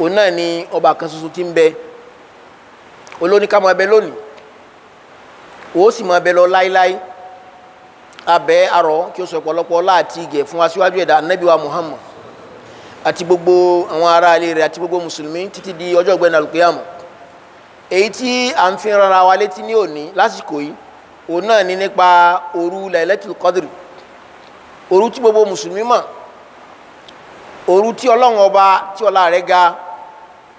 òun náà ni ọba kan ṣoṣo ti ń bẹ olóníkà lónìí sì lọ láíláí abẹ arọ kí o sọ ọ̀pọ̀lọpọ̀ láti igẹ fún aṣíwájú ẹ̀dá anabi muhammad àti gbogbo àwọn ará ilé rẹ̀ àti gbogbo mùsùlùmí títí di ọjọ ọgbẹni alukiyama èyí tí à ń ni nípa lailatul qadr tí gbogbo mùsùlùmí mọ̀ òru tí ọlọ́run ọba tí ọlá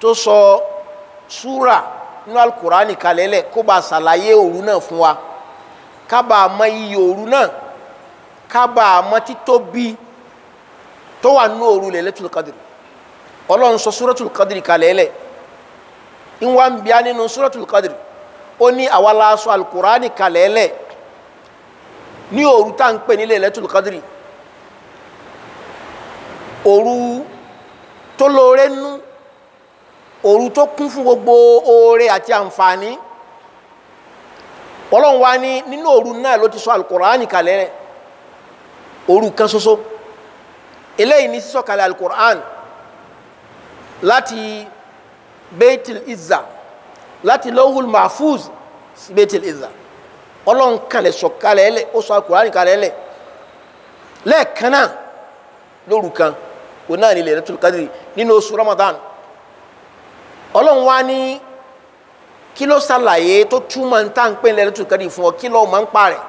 tó sọ súrà nínú alukurani kalẹ̀lẹ̀ kó bá ṣàlàyé òru náà fún wa ká bá a mọ iye òru náà ká bá a mọ títóbi tó wà nínú òru lẹ́lẹ́tul kadiri ọlọ́run sọ súrọ́tul kadiri kalẹ̀lẹ̀ ìwà ń bíá nínú súrọ́tul kadiri ó ní àwa sọ alukurani kalẹ̀lẹ̀ ní òru tá à ń pè ní lẹ́lẹ́tul kadiri òru tó lóore nú òru tó kún fún gbogbo oore àti àǹfààní ọlọ́run wa ní nínú òru náà ló ti sọ alukur'ani kalẹ̀ rẹ̀ òru kan ṣoṣo eléyìí ní sísọ kalẹ̀ alukur'an láti beitil izza láti lọ́hùl mahfuz beitil izza ọlọ́run kalẹ̀ sọ kalẹ̀ lẹ̀ ó sọ alukur'ani kalẹ̀ lẹ̀ lẹ́ẹ̀kan náà lóru kan òun náà ní ilẹ̀ rẹ̀ nínú oṣù ramadan. ọlọ́run wá ní kí ló ṣàlàyé tó túmọ̀ ń tà ń pè lẹ́nu tó kẹ́rì fún ọ kí lọ́ọ́ máa ń pa rẹ̀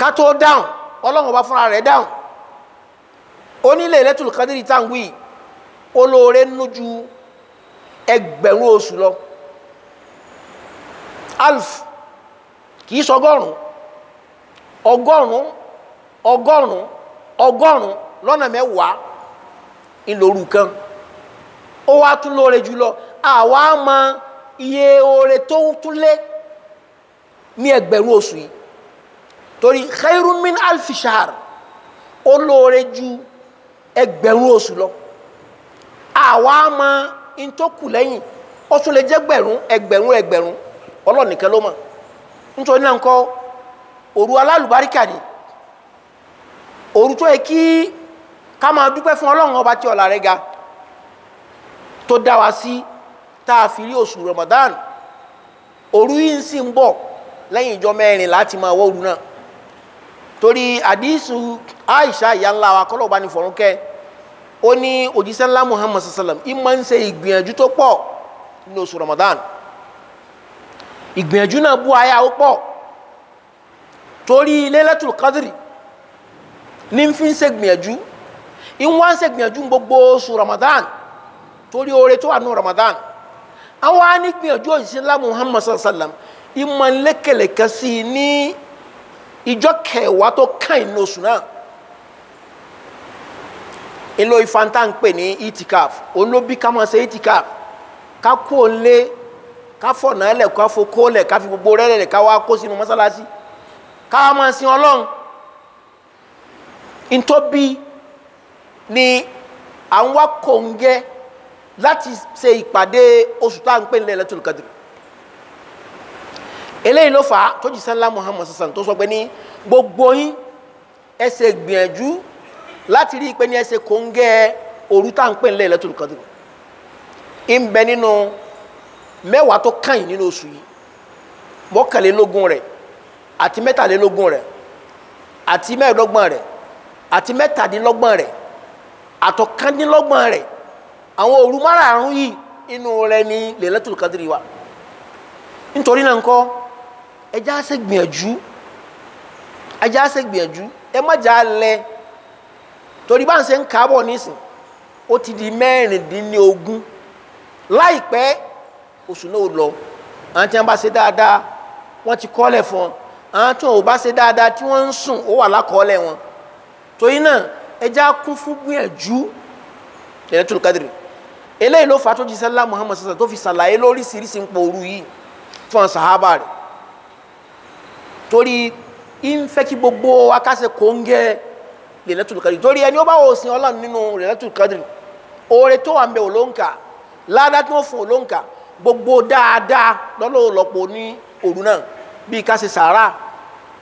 ká tó dáhùn ọlọ́run ọba fúnra rẹ̀ dáhùn onílé lẹ́tùlù kadiri tá à ń wí olóore nínú ju ẹgbẹ̀rún oṣù lọ alf kì í sọgọ́rùn ọgọ́rùn ọgọ́rùn ọgọ́rùn kan. ó wá tún lóore jùlọ àwa mọ iye oore tó tún lé ní ẹgbẹ̀rún oṣù yìí torí khairun min alfi shahr ó lóore ju ẹgbẹ̀rún oṣù lọ àwa mọ ntòkù lẹ́yìn ó tún lè jẹ́ gbẹ̀rún ẹgbẹ̀rún ẹgbẹ̀rún Ọlọ́run ló mọ̀ nítorí náà nǹkan òru alálùbáríkà ni òru tó yẹ kí ká máa dúpẹ́ fún Ọlọ́run ọba tí ọlá rẹ̀ ga tó dá wa sí tá a fi rí oṣù Ramadan òru yìí sì ń bọ̀ lẹ́yìn ìjọ mẹ́rin láti máa wọ́ òru náà torí àdísù Aisha ìyá ńlá wa kọ́lọ̀ bá ní fọ̀rún kẹ́ ó ní òjíṣẹ́ ńlá Muhammad sallam ìmọ̀ ń ṣe ìgbìyànjú tó pọ̀ ní oṣù Ramadan ìgbìyànjú náà bú aya ó pọ̀ torí Lailatul Qadri ní fi ń ṣe gbìyànjú ìwọ́n ń ṣe gbìyànjú gbogbo oṣù Ramadan torí oore tó wà Ramadan àwọn á ní gbìyànjú Muhammad sallam ìmọ̀ sí i ní ìjọ kẹwàá tó kàn ní oṣù náà èlò ìfanta ń pè ní itikaf olóbi ká máa ṣe itikaf ká kú òǹlé ká fọ̀nà ẹlẹ̀ ká fokó lẹ̀ ká fi gbogbo rẹ́lẹ̀ lẹ̀ ká wá kó sínú mọ́sálásí ká láti ṣe ìpàdé oṣù tá à ń pè ní lẹ́lẹ́tò kadiri eléyìí ló fà á tó jí sẹ́lá muhammed sassan tó sọ pé ní gbogbo yín ẹ ṣe gbìyànjú láti rí i pé ní ẹ ṣe kóńgẹ́ òru tá à ń pè ní lẹ́lẹ́tò kadiri ń bẹ nínú mẹ́wàá tó kàn nínú oṣù yìí mọ́kànlélógún rẹ̀ àti mẹ́tàlélógún rẹ̀ àti mẹ́ẹ̀ẹ́dọ́gbọ̀n rẹ̀ àti mẹ́tàdínlọ́gbọ̀n rẹ̀ àtọ̀kàndínlọ́gbọ̀n rẹ̀ àwọn òru márààrún yìí inú rẹ ní lẹ́lẹ́tùlù kadiri wa nítorí náà ẹjá ṣe gbìyànjú ẹjá ṣe gbìyànjú ẹ má jà lẹ torí bá ń ṣe ń kábọ̀ nísìn ti di láìpẹ́ oṣù náà lọ àwọn tí bá ṣe dáadáa ti kọ́lẹ̀ fún àwọn tí wọn ò bá ṣe dáadáa tí ń sùn ó wà lákọọ́lẹ̀ wọn torí náà kún fún eléyìí ló fà tó jí sẹ́lá muhammed sọ̀sọ̀ tó fi ṣàlàyé lóríṣiríṣi ń pòoru yìí fún sàhábà rẹ̀ torí ń fẹ́ kí gbogbo akásẹ̀ kóńgẹ́ lẹ́lẹ́tù kadiri torí ẹni ó bá wò sin ọlọ́run nínú lẹ́lẹ́tù kadiri oore tó wà ń bẹ òlóǹkà ládá tó fún òlóǹkà gbogbo dáadáa lọ́lọ́ọ̀lọ́pọ̀ ní òru náà bíi ká ṣe sàárà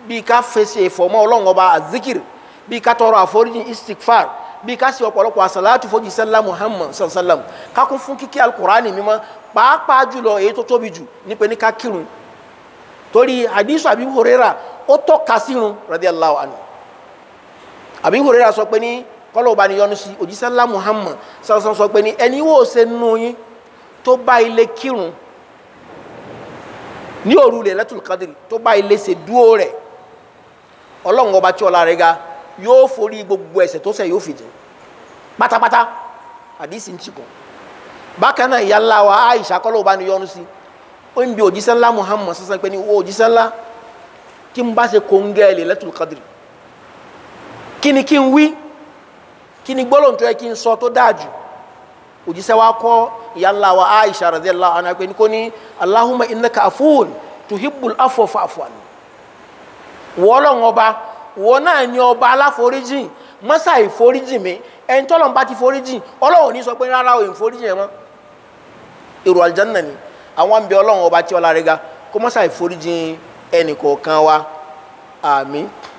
bíi ká fèsì ìfọ̀mọ́ ọlọ́run ọba azikiri bíi ká tọrọ àforíjì istikfar bí ká sì ọ̀pọ̀lọpọ̀ àsàlátù fojú sẹ́lá muhammad sallam ká kún fún kíkí alukurani mímọ́ pàápàá jùlọ èyí tó tóbi jù nípe ní ká kírun torí hadisu abi hurera ó tọ́ka sírun radiyallahu anhu abi hurera sọ pé ní kọ́lọ̀ bá ní yọnu sí òjíṣẹ́ ńlá muhammad sallam sọ pé ní ẹni wo ṣe nù yín tó bá ilé kírun ní òru lè lẹ́tùlù kadiri tó bá ilé ṣe dúó rẹ̀ ọlọ́run tí ọlá rẹ̀ ga yóò forí gbogbo ẹ̀ṣẹ̀ tó ṣẹ̀ yóò fi jẹ pátápátá àdìsí ń tì kàn bákan náà ìyá ńlá wa Aisha kọ́lọ́ bá ní yọnu sí ó ń bi òjíṣẹ́ ńlá Muhammad sísan pé ní o òjíṣẹ́ ńlá kí n bá ṣe kóńgẹ́ Lailatul Qadr kí ni kí n wí kí ni gbọ́dọ̀ tó yẹ kí n sọ tó dáa jù òjíṣẹ́ wa kọ́ ìyá ńlá wa Aisha radhiyallahu anha pé ní kò ní Allahumma innaka afuwun tuhibbul afwa fa'fu anni wọ́ọ́lọ́ wọn wọ́n náà ni ọba aláforíjìn mọ́sà ìforíjìn mi ẹni tọ́lọ̀ ń bá ti foríjìn ọlọ́run ní sọ pé rárá o ìforíjìn ẹ̀ mọ́ èrò àlùjánnà ni àwọn àmì ọlọ́run ọba tí ọlá rẹ̀ ga kó mọ́sà ìforíjìn ẹnì kọ̀ọ̀kan wa àmín.